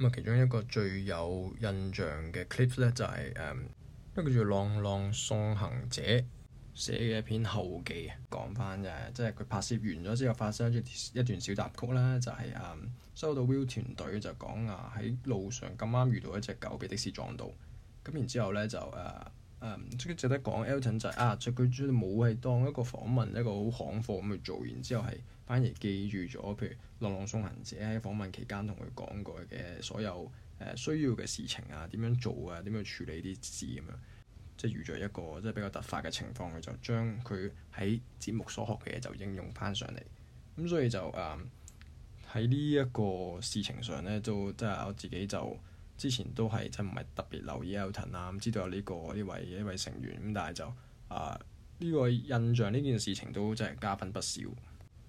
咁啊，其中一個最有印象嘅 clip 咧，就係、是、誒，一、嗯、個叫做浪浪送行者寫嘅一篇後記，講返嘅，即係佢拍攝完咗之後發生一段小插曲啦，就係、是、誒、嗯、收到 Will 團隊就講啊，喺路上咁啱遇到一隻狗被的士撞到，咁然之後咧就誒。啊即最、um, 值得講，Elton 就係、啊，即佢冇係當一個訪問一個好行貨咁去做，完之後係反而記住咗，譬如朗朗送行者喺訪問期間同佢講過嘅所有誒、呃、需要嘅事情啊，點樣做啊，點樣處理啲事咁樣，即遇著一個即比較突發嘅情況，佢就將佢喺節目所學嘅嘢就應用翻上嚟，咁所以就誒喺呢一個事情上咧，就即係、啊、我自己就。之前都係真唔係特別留意 Alton 啊，知道有呢、這個呢位一位成員咁，但係就啊呢、這個印象呢件事情都真係加分不少。咁、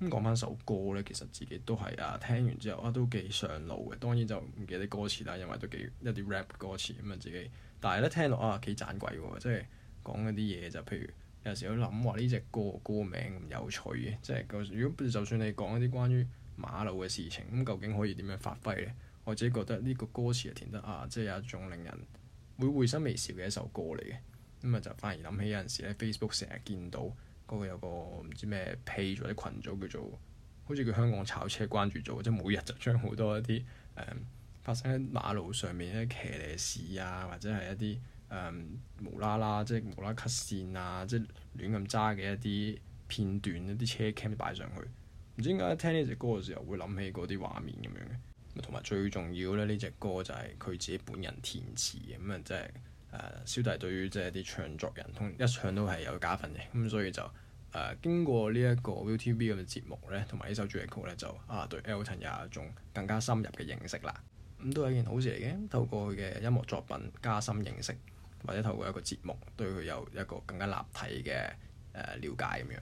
嗯、講翻首歌咧，其實自己都係啊聽完之後啊都幾上腦嘅。當然就唔記得歌詞啦，因為都幾一啲 rap 歌詞咁啊、嗯、自己。但係咧聽落啊幾盞鬼喎，即係講嗰啲嘢就譬、是、如有時都諗話呢隻歌歌名咁有趣嘅，即係如果就算你講一啲關於馬路嘅事情，咁、嗯、究竟可以點樣發揮咧？或者覺得呢個歌詞係填得啊，即、就、係、是、有一種令人會會心微笑嘅一首歌嚟嘅。咁啊，就反而諗起有陣時喺 Facebook 成日見到嗰個有個唔知咩 page 或者群組叫做好似叫香港炒車關注組，即係每日就將好多一啲誒、呃、發生喺馬路上面一啲騎士啊，或者係一啲誒、嗯、無啦啦即係無啦咳線啊，即係亂咁揸嘅一啲片段、一啲車 cam 擺上去，唔知點解聽呢隻歌嘅時候會諗起嗰啲畫面咁樣嘅。同埋最重要咧，呢隻歌就係佢自己本人填詞嘅咁啊，即係誒小弟對於即係啲唱作人同一唱都係有加分嘅咁，所以就誒、呃、經過呢一個 Viu TV 咁嘅節目咧，同埋呢首主題曲咧，就啊對 Alton 有一種更加深入嘅認識啦。咁、嗯、都係一件好事嚟嘅，透過佢嘅音樂作品加深認識，或者透過一個節目對佢有一個更加立體嘅誒瞭解咁樣。